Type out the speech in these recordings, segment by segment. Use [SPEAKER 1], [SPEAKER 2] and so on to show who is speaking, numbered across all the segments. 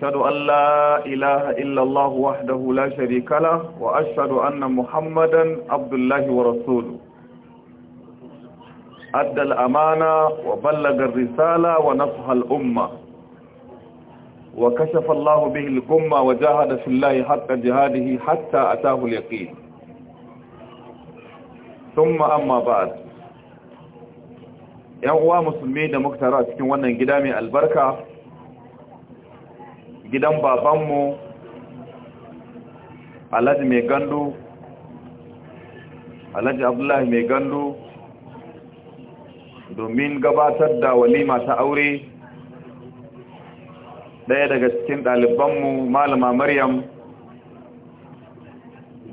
[SPEAKER 1] وأشهد أن لا إله إلا الله وحده لا شريك له وأشهد أن محمدا عبد الله ورسوله أدى الأمانة وبلغ الرسالة ونصح الأمة وكشف الله به الكمة وجاهد في الله حتى جهاده حتى أتاه اليقين ثم أما بعد يوم مسلمين مكترات كن ونن قدامي البركة gidan babanmu alhaji mai gandu alhaji abdullahi mai gandu domin gabatar da walima ta aure ɗaya daga cikin ɗalibanmu malama maryam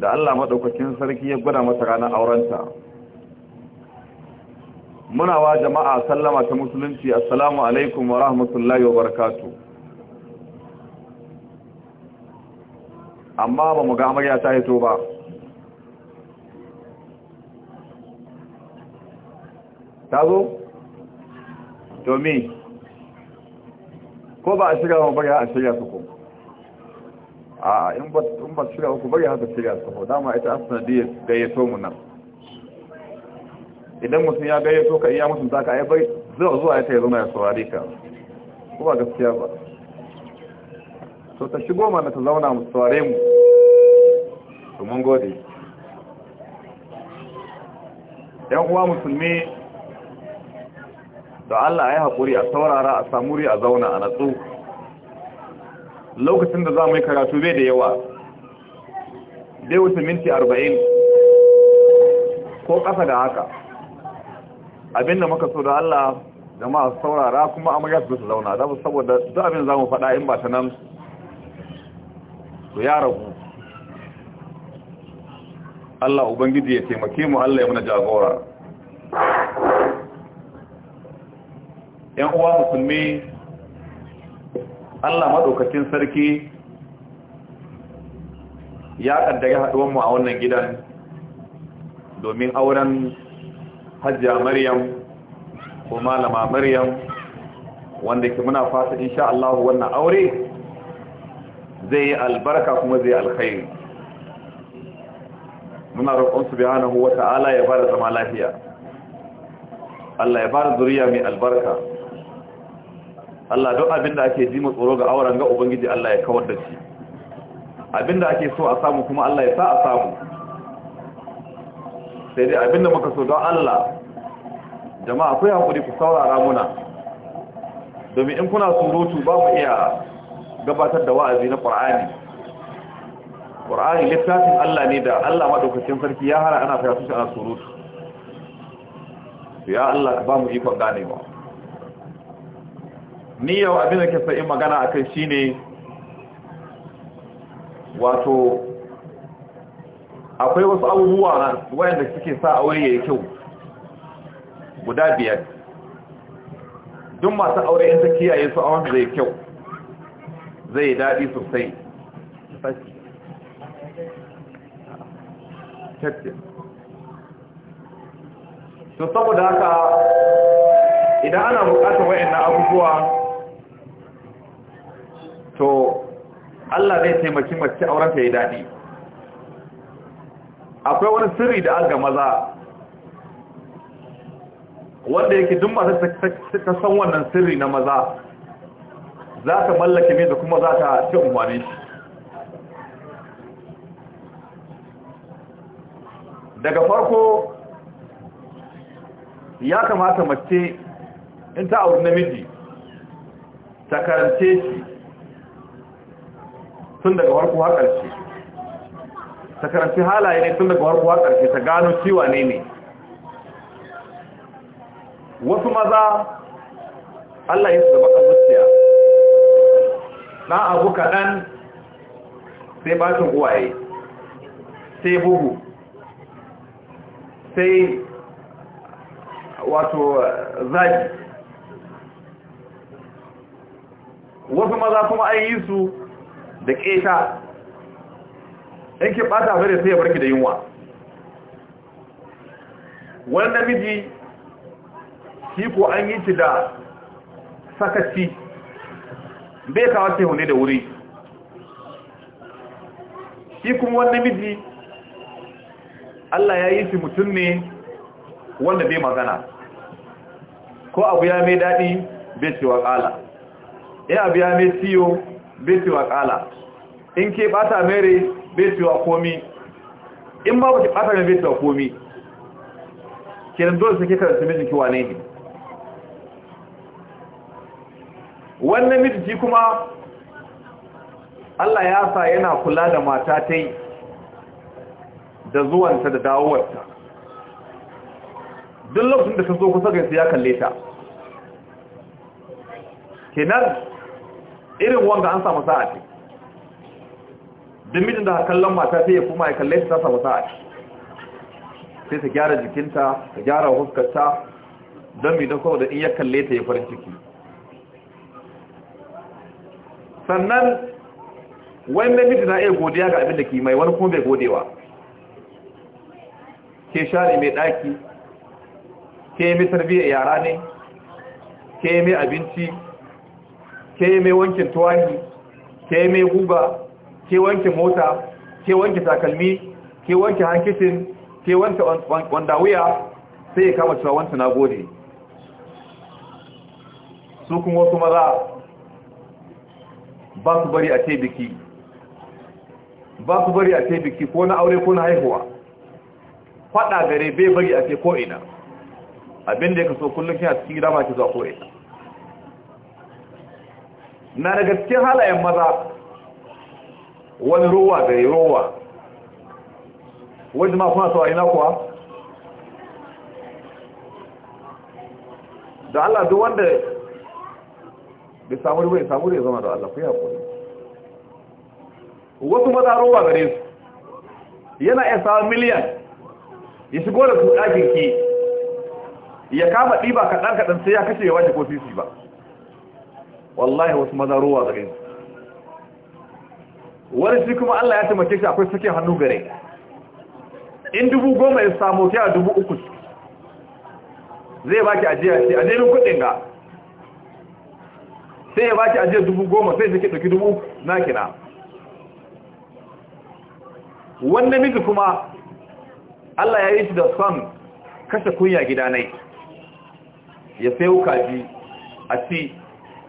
[SPEAKER 1] da allah maɗaukacin sarki ya gwada mata ranar aurenta muna wa jama'a sallama ta musulunci assalamu alaikum wa rahmatullahi wa barakatuh amma ba mu ga amarya ta hito ba ta zo? domin ko ba a shirya ba bari a shirya su ku? a in ba shirya ku bari haka shirya su ko dama ita asana da ya so mu nan idan mutum ya gayyato ka iya mutum za ka aibai zuwa zuwa ya ta yi zama ya saurari ka ko ba gaskiya ba to ta shigo mana ta zauna mu saurare mu to mun gode yan uwa musulmi da Allah ya haƙuri a saurara a samuri a zauna a natsu lokacin da za mu yi karatu bai da yawa dai wuce minti arba'in ko ƙasa da haka abinda muka so da Allah da masu saurara kuma amurya su zauna zafi saboda duk abin za mu faɗa in ba ta nan to ya rabu Allah ubangiji ya taimake mu Allah ya muna jagora yan uwa musulmi Allah madaukakin sarki ya kaddare haduwar mu a wannan gidan domin auren hajjiya maryam ko malama maryam wanda ke muna fata insha Allah wannan aure zai yi albarka kuma zai alkhairi muna roƙon huwa ta'ala ya bada zama lafiya Allah ya bada zuriya mai albarka Allah don abin da ake ji matsoro tsoro ga auren ga ubangiji Allah ya kawar da shi da ake so a samu kuma Allah ya sa a samu sai dai abinda muka so don Allah jama'a ku hakuri ku saurara muna domin in kuna surutu ba mu iya gabatar da wa'azi na qur'ani qur'ani littafin Allah ne da Allah maɗaukacin sarki ya hana ana fayyace shi ana surutu ya Allah ka ba mu ikon ganewa ni yau abin da ke sa'in magana shi ne. wato akwai wasu abubuwa wayanda suke sa aure ya yi kyau guda biyar duk masu aure yin ta kiyaye su a wanda zai kyau zai daɗi sosai to saboda haka idan ana bukatar na abubuwa to Allah zai taimaki mace aurenta ya daɗi akwai wani sirri da aga maza wanda yake duk masu ta san wannan sirri na maza za ka mallake ne da kuma za ka ce umarni shi daga farko ya kamata mace in ta auri namiji ta karance shi tun daga farko har ƙarshe ta karance halaye ne tun daga farko har ƙarshe ta gano ciwa ne ne wasu maza Allah ya su da baƙar na abu kaɗan sai batun uwaye sai bugu sai wato eh, zaki wasu maza kuma an yi su da ƙeta in ɓata fere sai ya barki da yunwa wani namiji shi ko an yi shi da sakaci bai kawo sai da wuri shi kuma wani miji Allah ya yi shi mutum ne wanda bai magana ko abu ya mai daɗi bai cewa ƙala in abu ya mai ciyo bai cewa ƙala in ke ɓata mere bai cewa komi in ma ba ke ɓata mere bai cewa komi kenan dole sai ke karanta mijinki wane ne wannan miji kuma Allah ya sa yana kula da mata ta yi da zuwanta da dawowarta duk lokacin da ta zo kusa gaisu ya kalle ta kenan irin wanda an samu sa'a ce duk mijin da kallon mata ta yi kuma ya kalle ta samu sa'a ce sai ta gyara jikinta ta gyara huskarta don mi don saboda in ya kalle ta ya farin ciki sannan wani namiji na iya godiya ga abin da ke mai wani kuma bai godewa ke share mai ɗaki ke mai tarbiyyar yara ne ke mai abinci ke mai wankin tuwani ke mai guba ke wanke mota ke wanke takalmi ke wanke hankishin ke wanta wanda wuya sai ya kama cewa wanta na gode su kuma wasu maza ba su bari a taibiki ba su bari a taibiki ko na aure ko na haihuwa fada gare bai bari a ko ina abinda ya kaso kullum shi a cikin gida ma ke zuwa kore na daga cikin halayen maza wani rowa gare rowa wajen ma kuna sawa ina kuwa da Allah duk wanda bai samu ruwa ya samu ya zama da Allah ku ya haƙuri. wasu maza ruwa gare su yana ya samun miliyan ya shigo da su ɗakin ki ya kama ɗiba kaɗan kaɗan sai ya kashe ya wace ko sisi ba wallahi wasu maza ruwa gare su wani shi kuma Allah ya taimake shi akwai sakin hannu gare in dubu goma ya samu kya dubu uku zai baki ajiya ce a nemin kuɗin ga sai ya baki ajiyar dubu goma sai suke ɗauki dubu na kina wani namiji kuma Allah ya yi shi da son kashe kunya gidanai ya sayo kaji a ci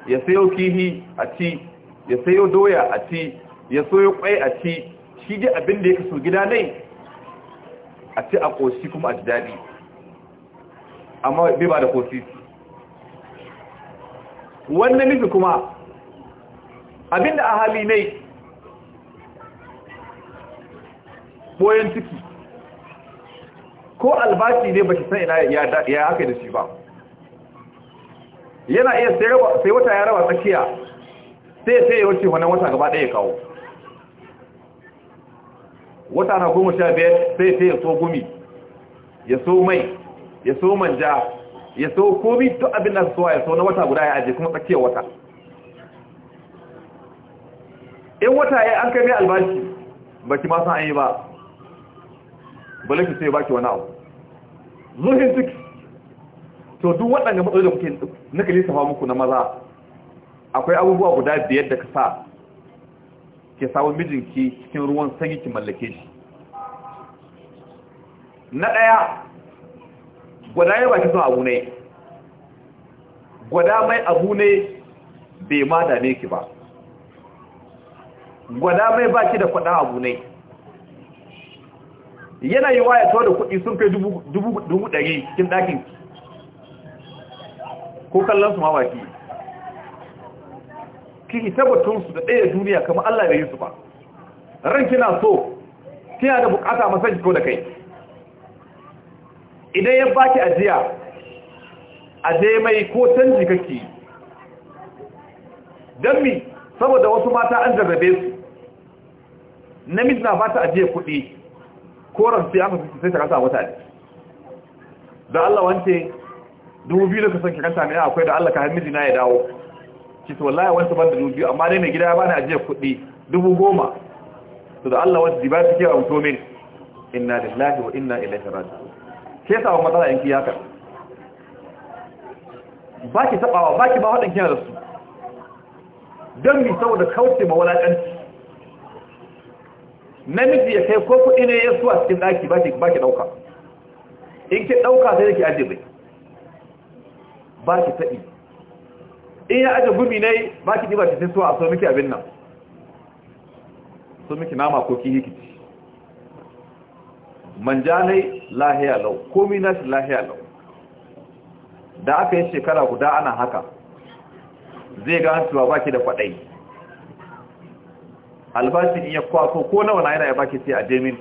[SPEAKER 1] ya sayo kihi a ci ya sayo doya a ci ya sayo kwai a ci shi ji abin da ya kaso gidanai a ci a ƙoshi kuma a ji daɗi amma bai ba da ƙoshi wannan nufi kuma abinda a hali ne boyan ciki ko albashi ne ba shi san ina ya haka da shi ba yana iya sai wata ya raba tsakiya sai sai ya wuce wannan wata gaba ɗaya kawo wata na goma sha biyar sai sai ya so gumi ya so mai ya so manja ya so bi duk abin da suwa ya so na wata guda ya aje kuma tsakiyar wata in wata ya an kai mai albashi baki ma san an yi ba bale ki sai baki wani abu zuhin ciki to duk waɗanda matsalar da kuke naka lissafa muku na maza akwai abubuwa guda biyar da ka sa ke samun mijinki cikin ruwan sanyi ki mallake shi na ɗaya gwada ya baki son abu ne gwada mai abu ne bai ma dame ki ba gwada mai baki da kwada abu ne yana yi waya tawa da kuɗi sun kai dubu ɗari cikin ɗakin ko kallon su mawaki ki ita su da ɗaya duniya kama Allah da yi su ba ran kina so kina da bukata masanki ko da kai idan ya baki ajiya aje mai ko canji kake don mi saboda wasu mata an jarrabe su namiji na fata ajiye kuɗi ko ransu ya sai ta kasa wata ne da Allah wance dubu biyu da kasance kiranta ne akwai da Allah ka hamiji na ya dawo ki to wallahi wance ban da dubu biyu amma dai mai gida ya bani ajiye kuɗi dubu goma to da Allah wance ba su ke a mutumin inna lillahi wa inna ilaihi raji'un ke sawa matsala yanki ya karɓi ba ki taɓawa ba ki ba waɗin kina da su don mi saboda kauce ma walaƙanci namiji ya kai ko kuɗi ne ya suwa cikin ɗaki ba ki ɗauka in ki ɗauka sai da ajiye aje bai ba ki taɓi in ya ajiye gumi ne ba ki ɗiba ki sai suwa a so miki abin nan so miki nama ko ki manjanai lahiya lau komi nashi lahiya lau da aka yi shekara guda ana haka zai ga cewa baki da kwadai albashin iya kwaso ko nawa na yana ya baki sai a jemin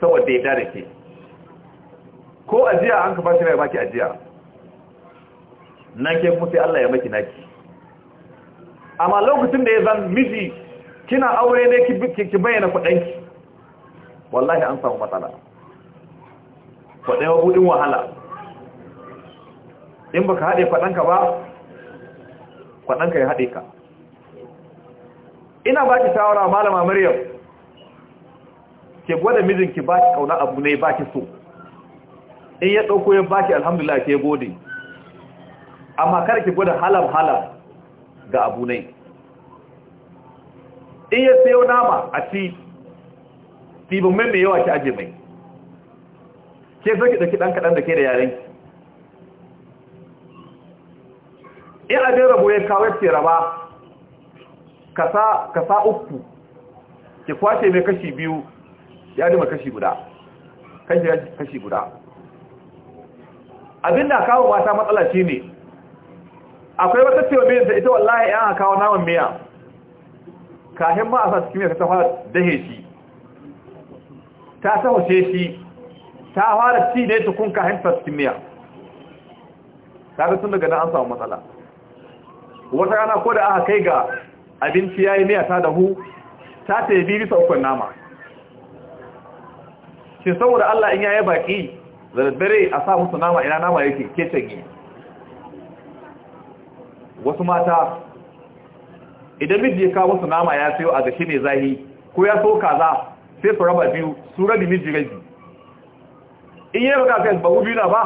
[SPEAKER 1] saboda ya dare ke ko ajiya an ka bashi ya baki ajiya nan ke kuma sai Allah ya maki naki amma lokacin da ya zan miji kina aure ne ki bayyana kudanki wallahi an samu matsala faɗewa mabuɗin wahala in ba ka haɗe faɗanka ba faɗanka ya haɗe ka ina ba ki shawara malama maryam ke gwada mijinki ba ki ƙauna abu ne ba ki so in ya ɗauko ya ba ki alhamdulillah ke gode amma kada ki gwada halam-halam ga abu ne in ya sayo nama a ci ɗibin mai mai yawa ki aje mai ke zo ki ɗauki ɗan kaɗan da ke da yaren in abin rabo ya kawo ce raba ka sa uku ki kwace mai kashi biyu ya dima kashi guda kashi kashi guda abin da kawo mata matsala shi ne akwai wata cewa mai ita wallahi yan kawo naman miya kahin ma a sa cikin ya ta fara dahe shi ta tawace shi ta fara ci ne tukun kahin Ta ga sun daga nan an samu matsala wata rana ko da aka kai ga abinci yayi miya ta dahu ta tayi bibi sa ukun nama shi saboda Allah in yayi baki da daddare a sa musu nama ina nama yake ke canye wasu mata idan miji ya kawo musu nama ya sayo a gashi ne zahi ko ya so kaza sai su raba biyu su rabi miji rabi in yi raka kai ba biyu na ba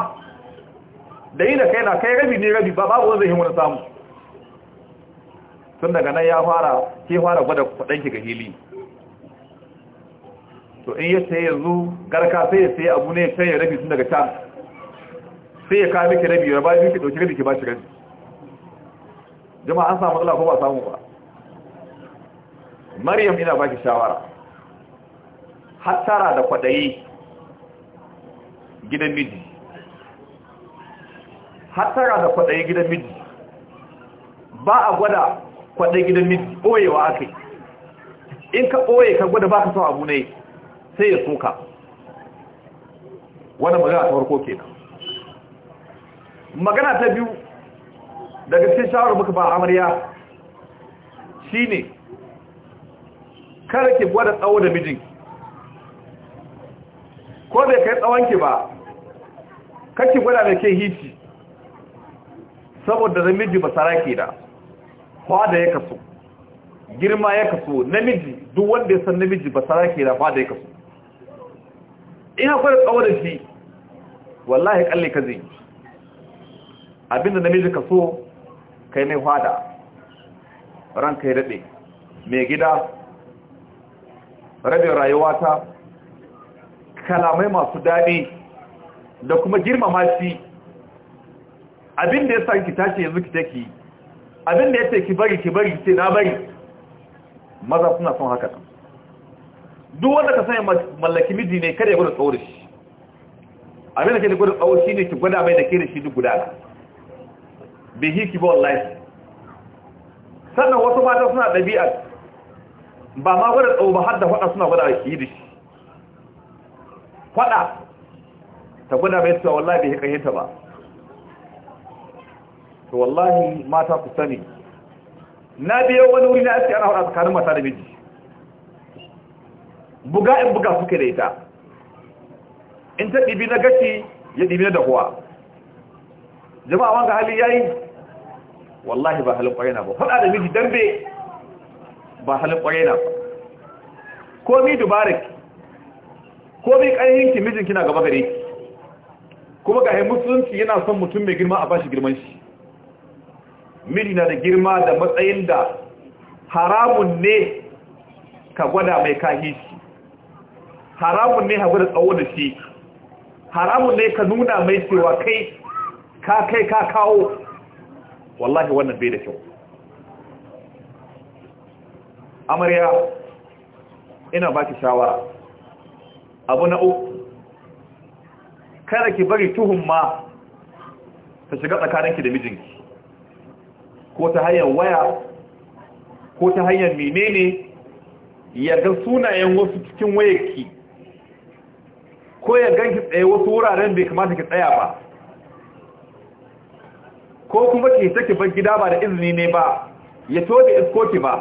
[SPEAKER 1] da yi da kai na kai rabi ne rabi ba babu wanda yi wani samu tun daga nan ya fara ke fara gwada kudin ki ga hili to in ya sai yanzu garka sai ya sai abu ne sai ya rabi tun daga can sai ya kawo miki rabi ya ba miki dauki rabi ki ba shi rabi jama'a an samu ko ba samu ba maryam ina baki shawara hattara da kwaɗayi gidan miji hattara da kwaɗayi gidan miji ba a gwada kwaɗayi gidan miji ɓoyewa aka in ka ɓoye ka gwada ba ka sau abu ne sai ya soka wani magana ta farko kenan magana ta biyu daga cikin shawarar muka ba amarya shi ne kada ke gwada tsawo da mijinki ko bai kai tsawonki ba kake gwada da ke hici saboda namiji ba ke da fada ya kaso girma ya kaso namiji duk wanda ya san namiji ba ke da fada ya kaso in tsawon da shi wallahi kalle ka zai abinda namiji kaso kai mai fada ranka ya daɗe mai gida rabin rayuwata kalamai masu daɗi da kuma girmama shi abin da ya sa ki tashi yanzu ki take abin da ya ce ki bari ki bari ce na bari maza suna son haka duk wanda ka sanya mallaki miji ne kada ya gwada da shi abin da ke da gwada tsawo shi ne ki gwada mai da ke da shi duk gudana bihi ki bawa laifi. sannan wasu mata suna ɗabi'a ba ma gwada tsawo ba har da faɗa suna gwada yi da shi fada ta gwada mai cewa wallahi bai hikahinta ba to wallahi mata ku sani na biyo wani wuri na aski ana hada tsakanin mata da miji buga in buga suke da ita in ta ɗibi na gashi ya ɗibi na dahuwa jama'a wanga hali yayi wallahi ba halin na ba faɗa da miji dambe ba halin na ba mi dubarik ko bai ƙarfin ki mijin kina gaba gare ki kuma ga musulunci yana son mutum mai girma a bashi girman shi miji na da girma da matsayin da haramun ne ka gwada mai kahi shi haramun ne ka gwada tsawo da shi haramun ne ka nuna mai cewa kai ka kai ka kawo wallahi wannan bai da kyau amarya ina baki shawara abu na uku kada ki bari tuhumma ta shiga tsakaninki da mijinki ko ta hanyar waya ko ta hanyar menene yarda sunayen wasu cikin wayarki ko ya ganki tsaye wasu wuraren bai kamata ki tsaya ba ko kuma ki ta ki bar gida ba da izini ne ba ya tobe iskoki ba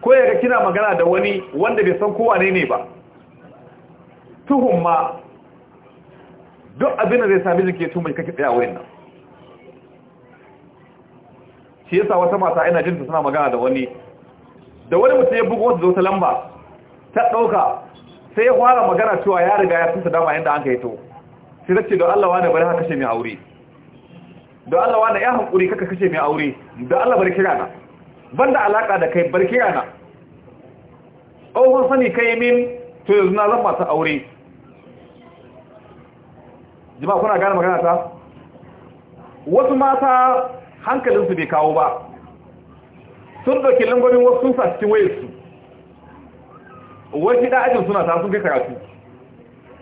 [SPEAKER 1] ko ya ga kina magana da wani wanda bai san kowa ne ne ba tuhun ma duk abin da zai sami jike tu mai kake a wurin nan shi yasa wata mata ina jin ta suna magana da wani da wani mutum ya bugu wata zo ta lamba ta ɗauka sai ya fara magana cewa ya riga ya tunta dama yadda an ka yi to sai zace ce Allah wani bari haka kashe mai aure da Allah wani ya hankuri kaka kashe mai aure da Allah bari kira na ban da alaƙa da kai bari kira na ƙauhun sani kai min to yanzu na zan ta aure jima kuna gane magana ta wasu mata hankalinsu bai kawo ba sun ɗauki lambobin wasu sun sa cikin wayarsu wani da ajin suna ta sun kai karatu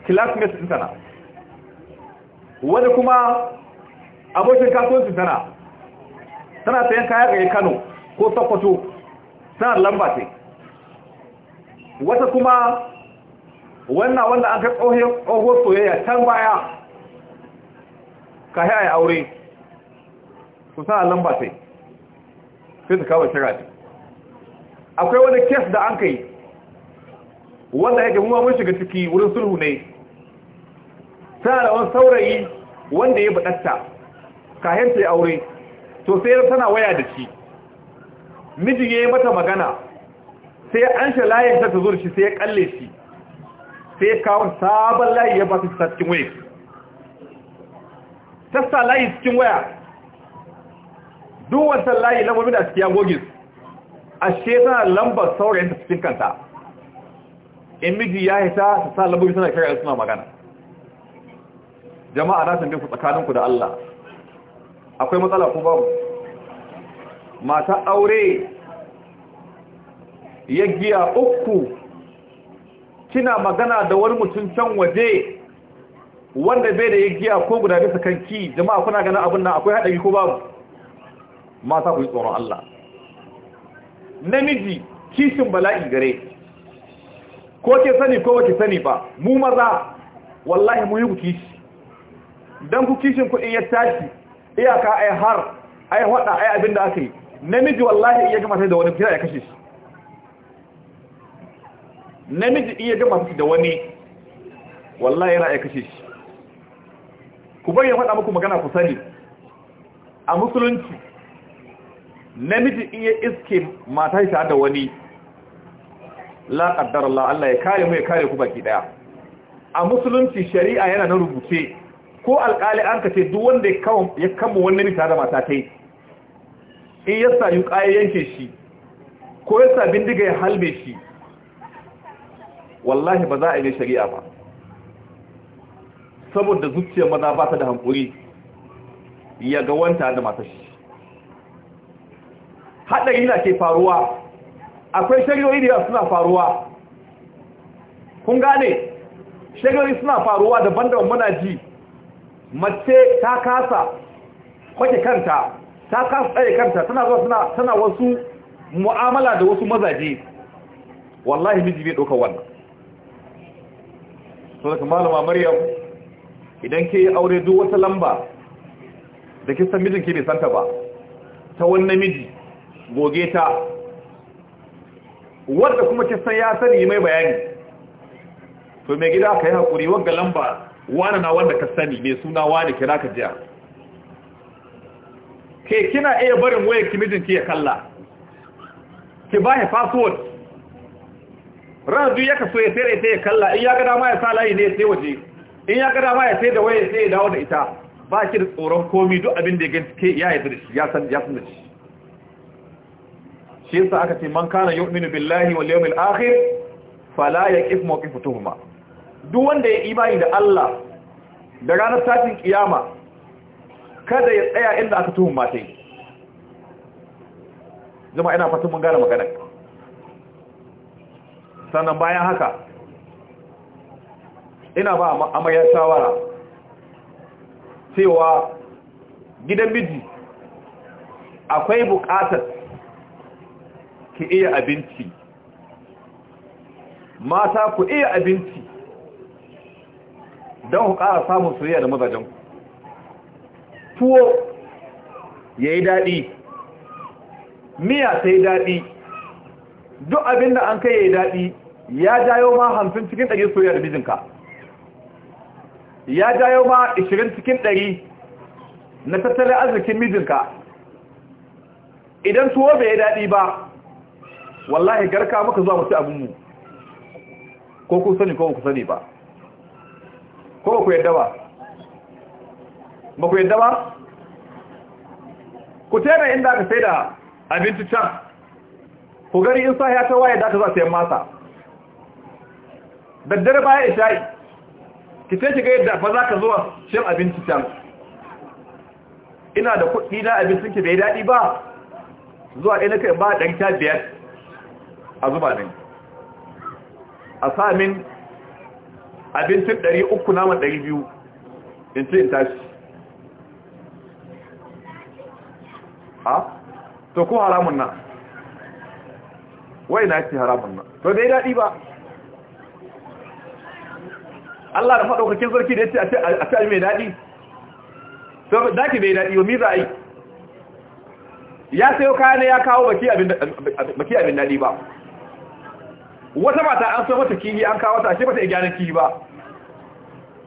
[SPEAKER 1] classmates din sana wani kuma abokin kasuwancin sana tana sayan kaya ga kano ko sokoto tana lamba ce wata kuma wannan wanda an ka tsohon soyayya can baya ka yi aure su sa lamba sai sai su kawo shira ta. akwai wani kes da an kai wanda yake mun shiga ciki wurin sulhu ne tana da wani saurayi wanda ya buɗatta kayan ta yi aure to sai tana waya da shi miji ya yi mata magana sai an shi layin ta zo da shi sai ya kalle shi sai ya kawo sabon layi ya ba su cikin waya ta sa layi cikin waya duk wata layi lambobin da cikin yagogis ashe tana lambar saurayinta cikin kanta in miji ya hita ta sa lambobin suna kira suna magana jama'a na tambi ku tsakaninku da Allah akwai matsala ko babu mata aure ya giya uku kina magana da wani mutum can waje wanda bai da ya giya ko guda bisa kan ki jama'a kuna ganin abin nan akwai haɗari ko babu mata ku yi tsoron Allah namiji kishin bala'i gare ko ke sani ko ba ke sani ba mu maza wallahi mu yi ku kishi don ku kishin ku in ya tashi iyaka ai har ai hada ai abin da aka yi namiji wallahi iya gama sai da wani kira ya kashe shi namiji iya gama sai da wani wallahi yana ya kashe shi ku bayyana faɗa muku magana ku sani a musulunci namiji in ya iske mata shi da wani la qaddar Allah Allah ya kare mu ya kare ku baki daya a musulunci shari'a yana na rubuce ko alƙali an kace duk wanda ya kama wani namiji da mata tai in ya sa yuƙa yanke shi ko ya sa bindiga ya halbe shi wallahi ba za a yi shari'a ba saboda zuciyar maza ba ta da hankuri ya ga wanta da masu shi haɗari na ke faruwa akwai shagari da suna faruwa kun gane shagari suna faruwa daban-daban muna ji mace ta kasa kwake kanta ta kasa tsaye kanta tana zuwa tana wasu mu'amala da wasu mazaje wallahi miji bai ɗaukar wannan sau da malama maryam idan ke yi aure duk wata lamba da ke san mijinki bai santa ba ta wani namiji goge ta wanda kuma ke san ya sani mai bayani to mai gida ka yi haƙuri wadda lamba wani na wanda ka sani mai suna wani kira ka jiya ke kina iya barin waya ki mijinki ya kalla ki ba ya password ranar duk ya kaso ya tere ta ya kalla in ya ga dama ya sa layi ne ya sai waje in ya ga ba ya sai da waye sai ya dawo da ita ba ki da tsoron komi duk abin da ya gani ke ya yi ya san ya san da shi shi yasa aka ce man kana yu'minu billahi wal yawmil akhir fala yaqif mawqif tuhuma duk wanda ya imani da Allah da ranar tashin kiyama kada ya tsaya inda aka tuhuma sai zama ina fatan mun gane magana sannan bayan haka ina ba amaryar shawara cewa gidan miji akwai bukatar ki iya abinci mata ku iya abinci don ku ƙara samun soyayya da ku. tuwo ya yi daɗi miya ta yi daɗi duk abin da an kai ya yi daɗi ya jayo ma hamsin cikin ɗage soyayya da mijinka ya jayo ma 20 cikin 100 na tattalin arzikin mijinka idan tuwo bai daɗi ba wallahi garka muka zuwa mutu abinmu ko ku sani ko ku sani ba ko ku yadda ba ba ku yadda ba ku tera inda aka sai da abinci can ku gari in sa ya ta waye da aka za yi masa daddare baya isha'i ki sai ki ga yadda fa za ka zuwa cin abinci can ina da kuɗi na abincin ki bai daɗi ba zuwa ɗaya na kai ba ɗan ta biyar a zuba nan a samin abincin ɗari uku naman ɗari biyu in ce in tashi a to ko haramun na wai na ce haramun na to bai daɗi ba Allah da faɗaukakin sarki da ya ce a ci mai daɗi sau da mai bai daɗi yomi za a yi ya sayo kayan ya kawo baki abin daɗi ba wata mata an so mata kihi an kawo ta ce mata igiyar kihi ba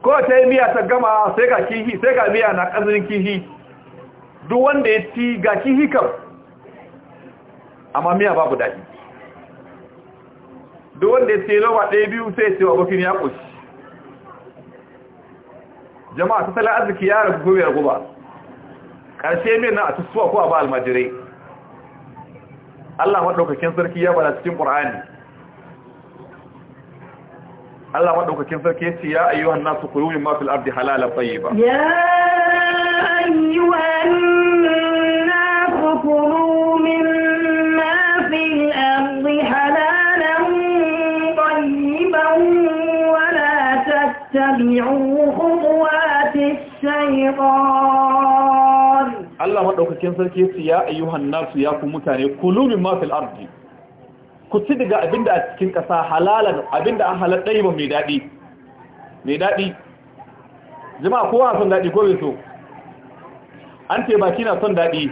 [SPEAKER 1] ko ta yi miya ta gama sai ga kihi sai ga miya na ƙazirin kihi duk wanda ya ci ga kihi kam amma miya babu daɗi duk wanda ya ce lawa ɗaya biyu sai ya ce wa bakin ya ƙoshi jama'a tattalin arziki ya rabu gobe guba ƙarshe mai na a tusuwa ko a ba almajirai Allah maɗaukakin sarki ya bada cikin ƙur'ani Allah maɗaukakin sarki ce ya ayyuhan nasu kulu min ma fil ardi halalan tayyiba ya ayyuhan nasu kulu min ma fil ardi halalan tayyiban wa la tattabi'u khutuwat الشيطان الله مدوكاكين سركي يا ايها الناس يا mutane متاني كلوا مما في الارض كتي daga abinda a cikin kasa halalan abinda an halal dai ba mai dadi mai dadi jama'a kowa son dadi ko bai so an ce baki na son dadi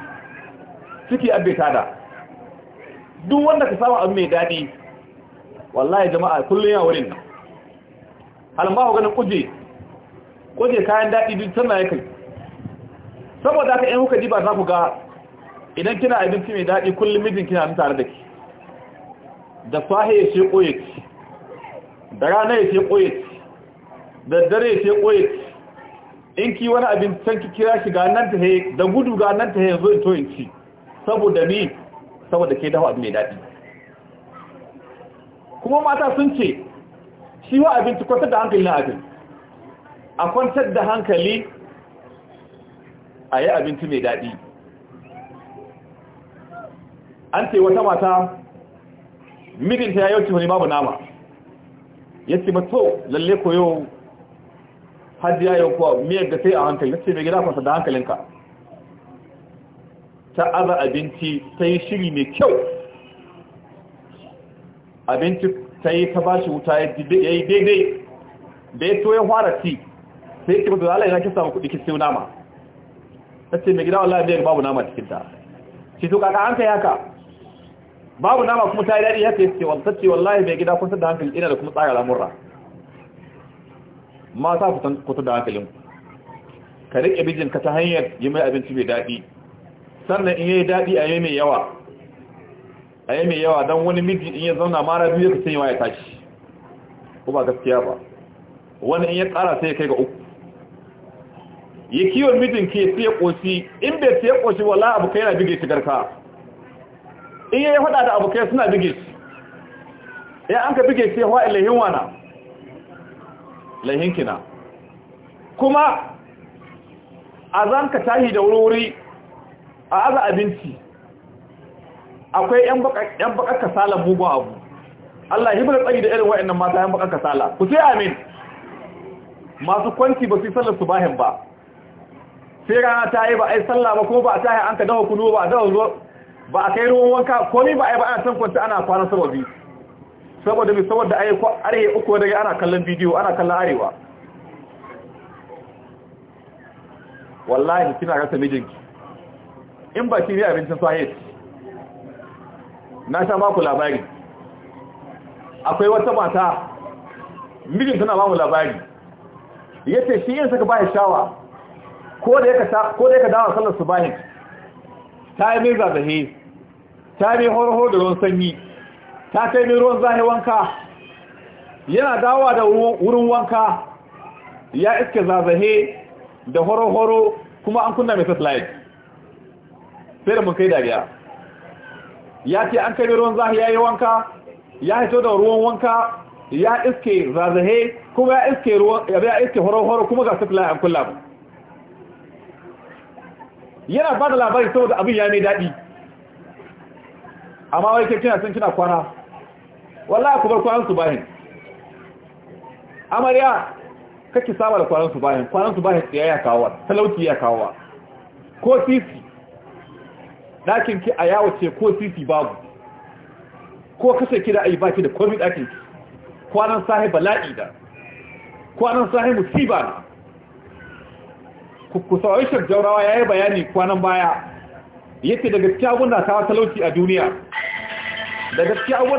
[SPEAKER 1] ciki abbe tada duk wanda ka samu abin mai dadi wallahi jama'a kullun ya wurin nan halin ba ku ganin kuje koje kayan daɗi duk tana ya kai saboda haka in kuka ji ba za ku ga idan kina abinci mai daɗi kullum mijin kina nan tare da ki da fahe ya ce koye ki da rana ya ce koye ki da dare ya ce koye ki in ki wani abin can ki kira shi ga nan ta he da gudu ga nan ta he yanzu in to in ci saboda ni saboda ke dawo abin mai daɗi kuma mata sun ce shi wa abinci kwatar da hankali na abin a kwantar da hankali a yi abinci mai daɗi an ce wata mata mijinta ya yauci wani babu nama ya ce mato lalle ko yau hajji ya kuwa miyar da sai a hankali ya ce mai gida kwasa da hankalinka ta aza abinci ta yi shiri mai kyau abinci ta yi ta bashi wuta ya yi daidai da ya toye ya fara ci sai yake mutu zala yana ki samu kuɗi ki siyo nama tace mai gida wallahi bai babu nama cikin ta shi to kaka an kai haka babu nama kuma ta yi dadi haka yace wallahi tace wallahi mai gida kun da hankali ina da kuma tsara lamurra Ma ku san ku da hankalin ka rike bijin ka ta hanyar yi mai abinci mai dadi sannan in yayi dadi a yi mai yawa a yi mai yawa dan wani miji in ya zauna mara biyu ka sanya ya tashi ko ba gaskiya ba wani in ya tsara sai ya kai ga uku ya kiwon mijinki ya siya ƙoshi in bai siya ƙoshi wala abokai yana bige shi garka in yi faɗa da abokai suna bige shi ya an ka bige shi ya hawa wana wana kina kuma a zan ka tahi da wuri a aza abinci akwai ‘yan baƙar kasala mugun abu Allah hibar tsari da irin wa'in mata ‘yan baƙar kasala ku sai amin masu kwanci ba su yi sallar su bahin ba sai rana ta yi ba a yi sallah ba ko ba a tahi an ka dawo kudu ba a dawo zuwa ba a kai ruwan wanka komai ba a yi ba ana can kwanta ana kwana sababi saboda mai saboda a yi arewa uku daga ana kallon bidiyo ana kallon arewa wallahi da kina rasa mijinki in ba ki ne abincin sahih na sha maku labari akwai wata mata mijin tana ba mu labari yace shi yin saka ba ya shawa ko da yaka dawa sallar subahin ta yi mai zazahe ta yi mai horo da ruwan sanyi ta kai mai ruwan zahe wanka yana dawa da wurin wanka ya iske zazahe da horo-horo kuma an kunna mai satellite sai da mun kai dariya ya ce an kai ruwan zahe ya yi wanka ya haito da ruwan wanka ya iske zazahe kuma ya iske horo-horo kuma ga satellite an kulla mu yana ba da labari saboda abin ya mai daɗi amma wai ke kina sun kina kwana wallahi ku bar kwanan su bayan amarya kake saba da kwanan su bayan kwanan su bayan tsaya ya kawo talauci ya kawo ko sisi ɗakin ki a yawace ko sisi babu ko kashe ki da ayi baki da komai ɗakin ki kwanan sahi bala'i da kwanan sahi musiba kukusa wa jaurawa ya yi bayani kwanan baya yake da gaskiya abun da kawo talauci a duniya da gaskiya abun